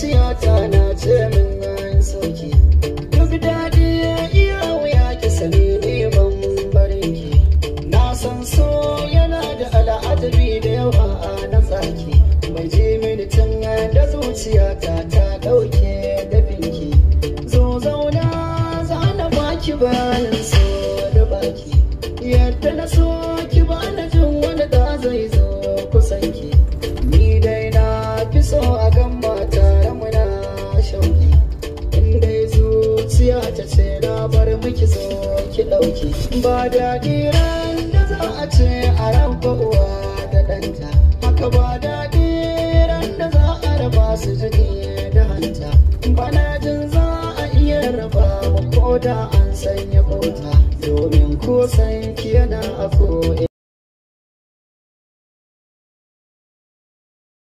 zuciyata na ce min yayin sauki duk daɗi ya iya wuya ki sani ni ban na san so yana da al'adabi da yawa a na tsaki mai ji mini tun da zuciyata ta ɗauke da binki zo zauna za na baki bayan so da baki yadda na so na bar miki so ki ɗauki ba daɗi ran da za a ce a raba uwa da ɗanta haka ba daɗi ran da za a raba su jini da hanta bana jin za a iya raba ko da an sanya kota domin ko san ki yana a.